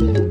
Thank you.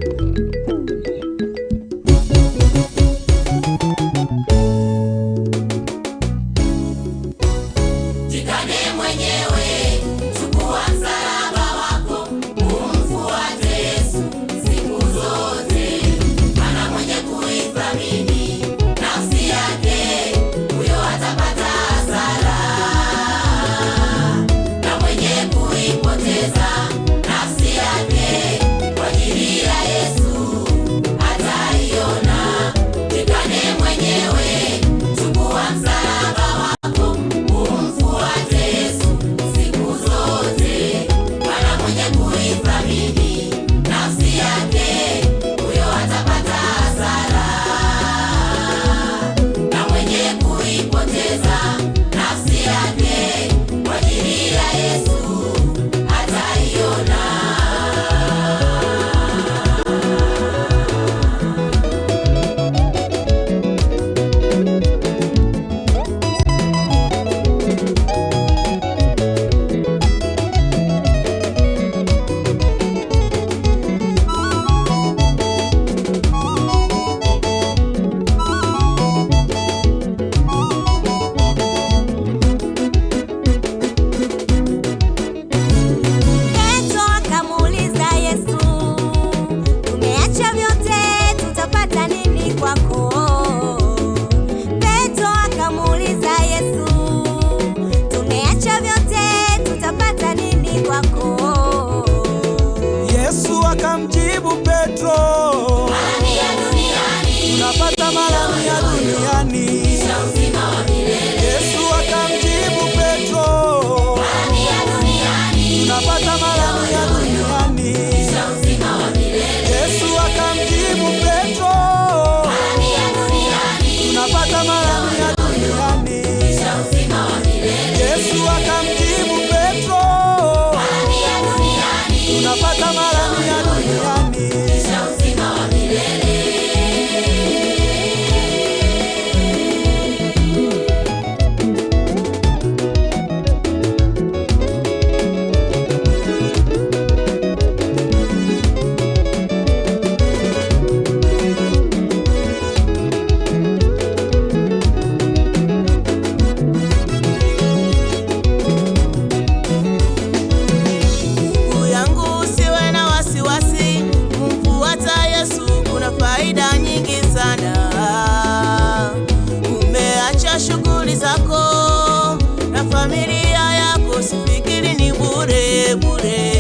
zako na familia yako, sifikiri ni bure bure.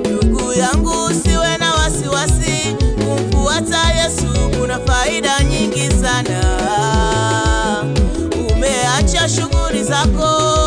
Ndugu yangu, usiwe na wasiwasi, kumfuata Yesu kuna faida nyingi sana. Umeacha shughuli zako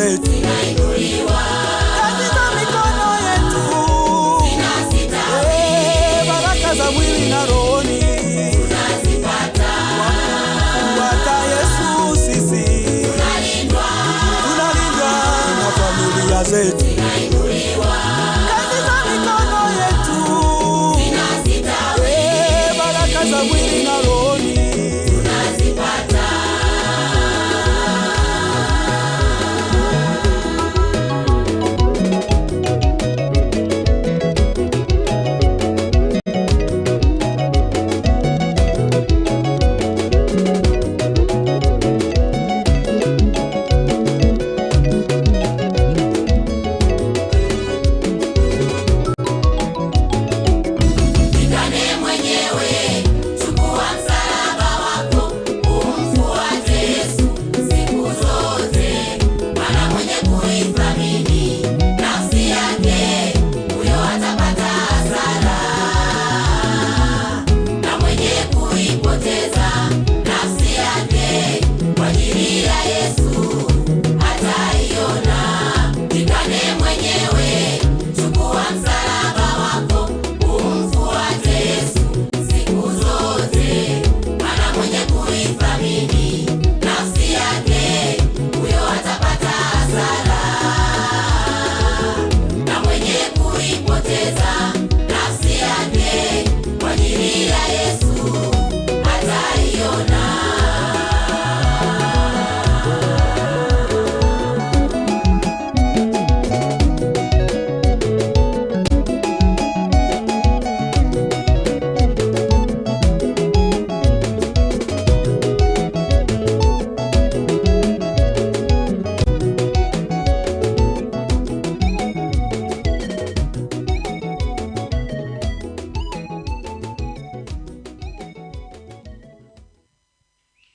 said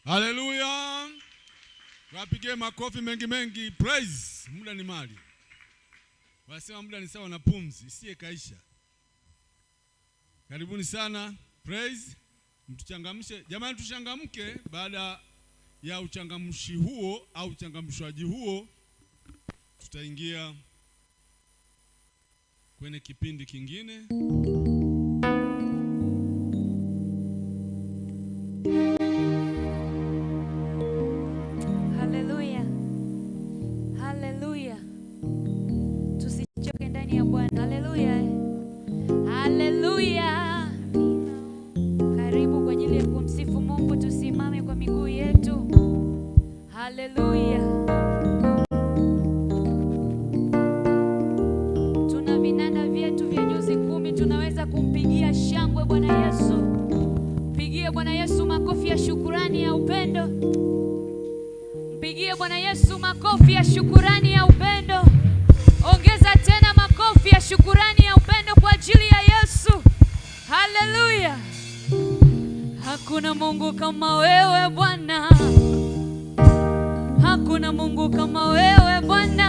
Haleluya, Wapige makofi mengi mengi. Praise. Muda ni mali, wasema muda ni sawa na pumzi isiye kaisha. Karibuni sana praise, mtuchangamshe jamani, tuchangamke. Baada ya uchangamshi huo au uchangamshwaji huo, tutaingia kwenye kipindi kingine. Haleluya. Karibu kwa ajili ya kumsifu Mungu, tusimame kwa miguu yetu. Haleluya. Tuna vinanda vyetu vya nyuzi kumi, tunaweza kumpigia shangwe Bwana Yesu. Mpigie Bwana Yesu makofi ya shukurani ya upendo. Mpigie Bwana Yesu makofi ya shukurani ya upendo. Ongeza tena makofi ya shukurani ya Hakuna Mungu kama wewe Bwana, hakuna Mungu kama wewe Bwana.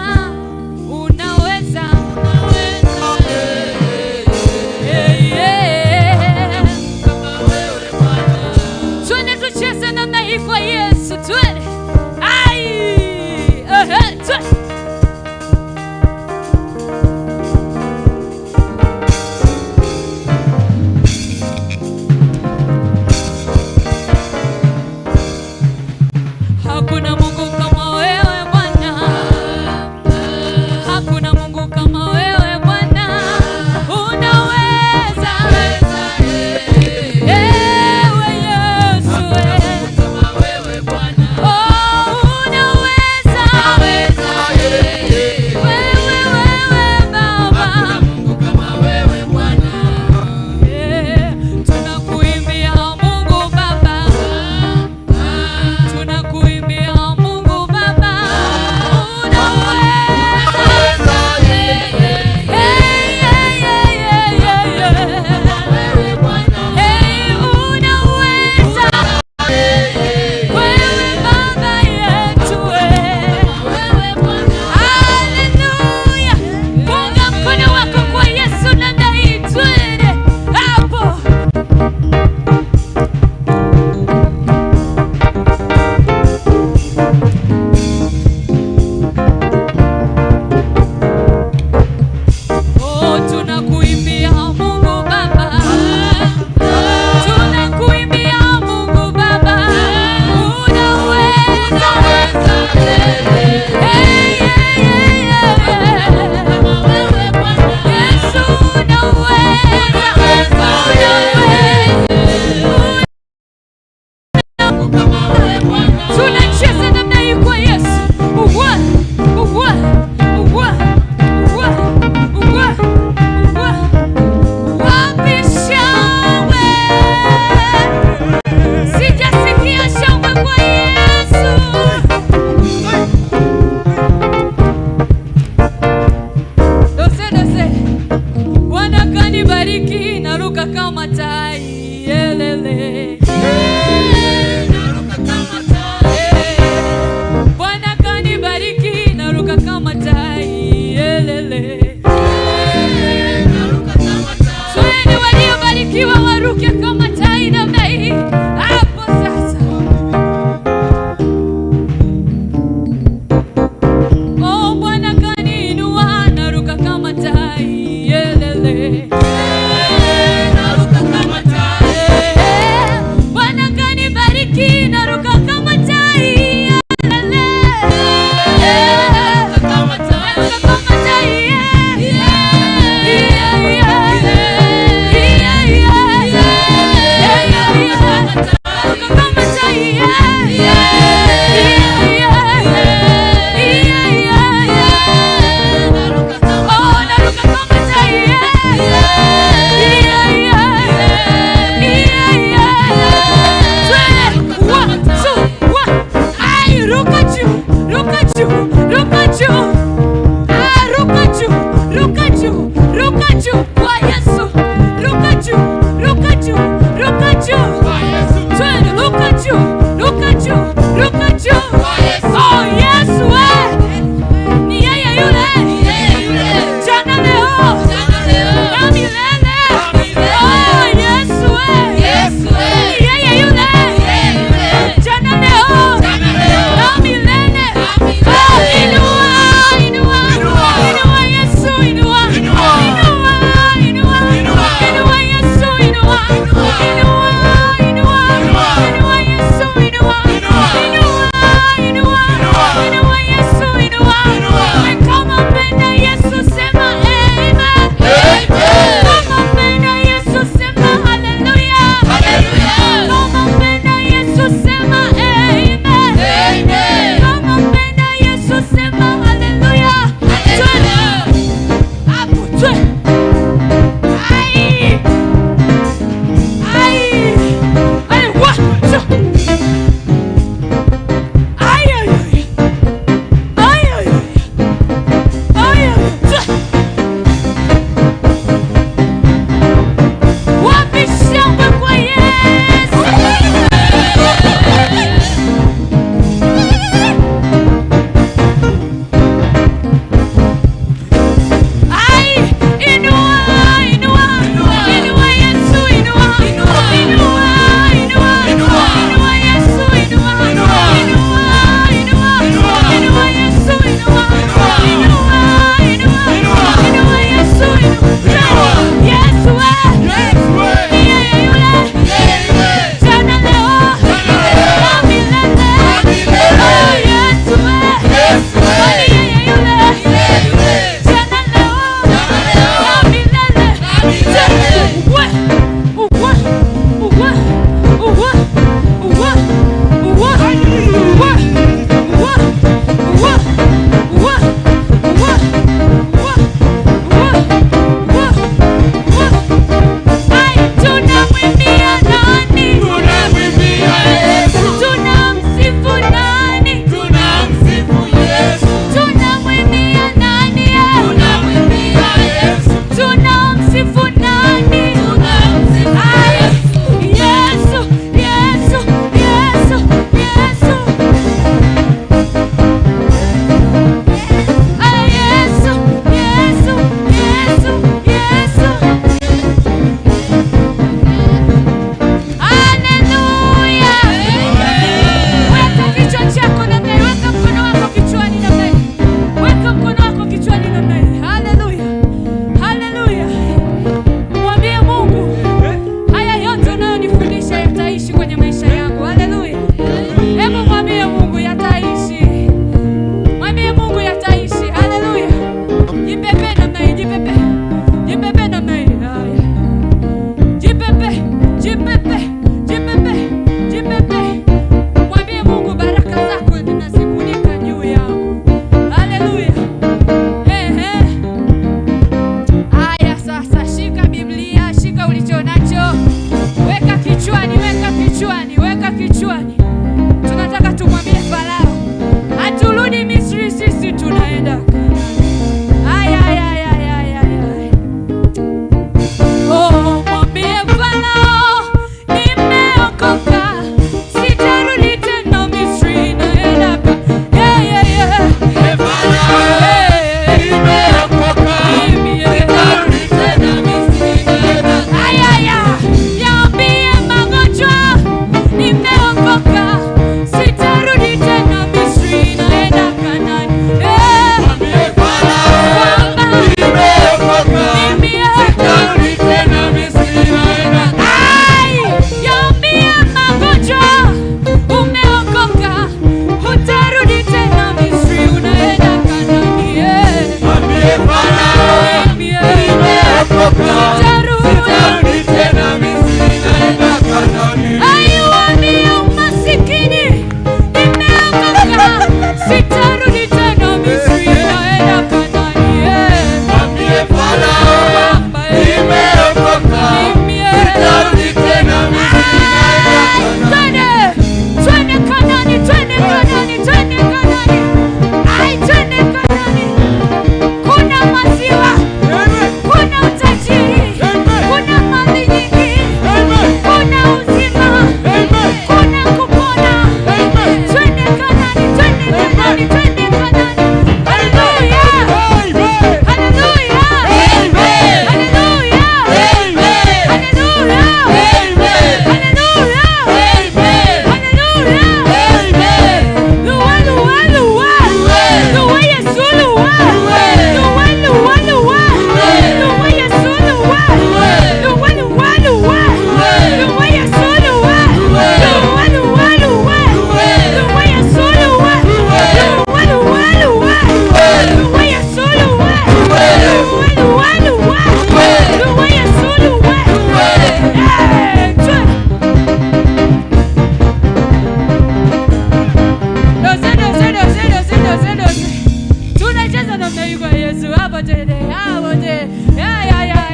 Mwana mnaiko Yesu hapo tende hapo tende ya ya ya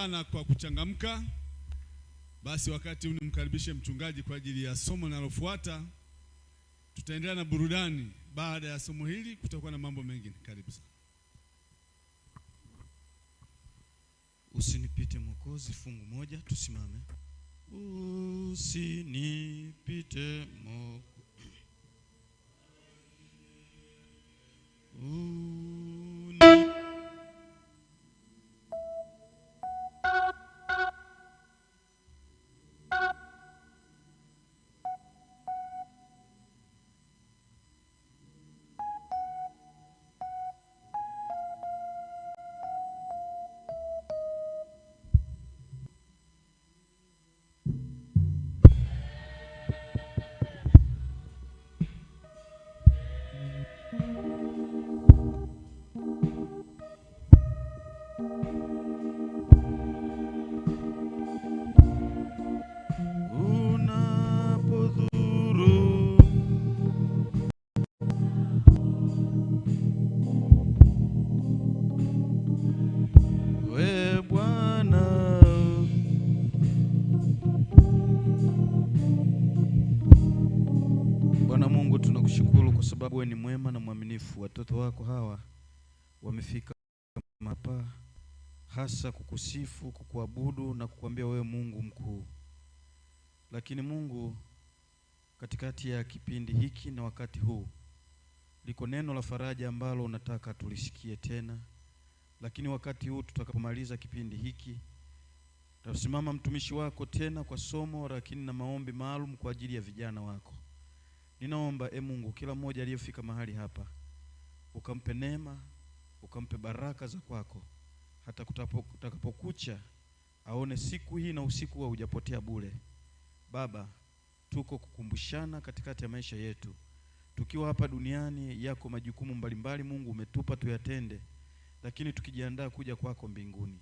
sana kwa kuchangamka. Basi wakati huu nimkaribishe mchungaji kwa ajili ya somo linalofuata. Tutaendelea na burudani baada ya somo hili, kutakuwa na mambo mengine. Karibu sana. Usinipite Mwokozi, fungu moja, tusimame. Usinipite Mwokozi sababu wewe ni mwema na mwaminifu. Watoto wako hawa wamefika hapa hasa kukusifu, kukuabudu na kukuambia wewe Mungu mkuu. Lakini Mungu, katikati ya kipindi hiki na wakati huu, liko neno la faraja ambalo unataka tulisikie tena, lakini wakati huu tutakapomaliza kipindi hiki tasimama mtumishi wako tena kwa somo, lakini na maombi maalum kwa ajili ya vijana wako. Ninaomba e Mungu, kila mmoja aliyefika mahali hapa ukampe neema, ukampe baraka za kwako, hata kutakapokucha aone siku hii na usiku wa hujapotea bure. Baba, tuko kukumbushana katikati ya maisha yetu tukiwa hapa duniani, yako majukumu mbalimbali Mungu umetupa tuyatende, lakini tukijiandaa kuja kwako mbinguni.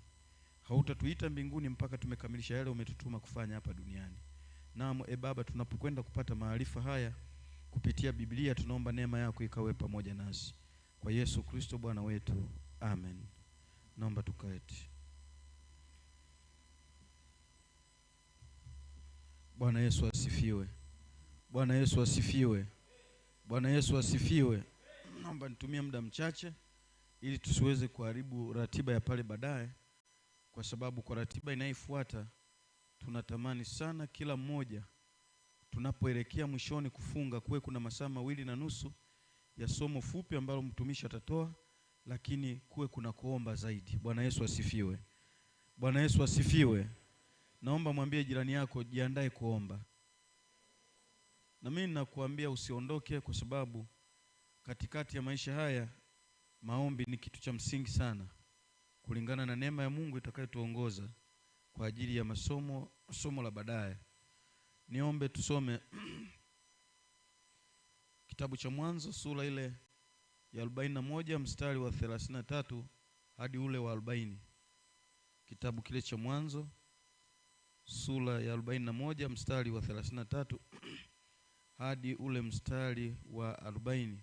Hautatuita mbinguni mpaka tumekamilisha yale umetutuma kufanya hapa duniani. Naam, e Baba, tunapokwenda kupata maarifa haya kupitia Biblia tunaomba neema yako ikawe pamoja nasi kwa Yesu Kristo Bwana wetu, amen. Naomba tukaeti. Bwana Yesu asifiwe. Bwana Yesu asifiwe. Bwana Yesu asifiwe. Naomba nitumie muda mchache ili tusiweze kuharibu ratiba ya pale baadaye, kwa sababu kwa ratiba inayofuata tunatamani sana kila mmoja tunapoelekea mwishoni kufunga, kuwe kuna masaa mawili na nusu ya somo fupi ambalo mtumishi atatoa, lakini kuwe kuna kuomba zaidi. Bwana Yesu asifiwe! Bwana Yesu asifiwe! Naomba mwambie jirani yako, jiandae kuomba. Na mimi ninakuambia usiondoke, kwa sababu katikati ya maisha haya maombi ni kitu cha msingi sana, kulingana na neema ya Mungu itakayotuongoza kwa ajili ya masomo somo la baadaye niombe tusome kitabu cha Mwanzo sura ile ya moja mstari wa 33 hadi ule wa 40. Kitabu kile cha Mwanzo sura ya moja mstari wa 33 hadi ule mstari wa 40.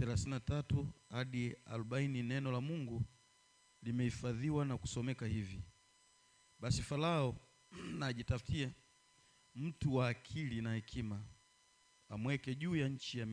33 hadi 40, neno la Mungu limehifadhiwa na kusomeka hivi: basi Farao na ajitafutie mtu wa akili na hekima, amweke juu ya nchi ya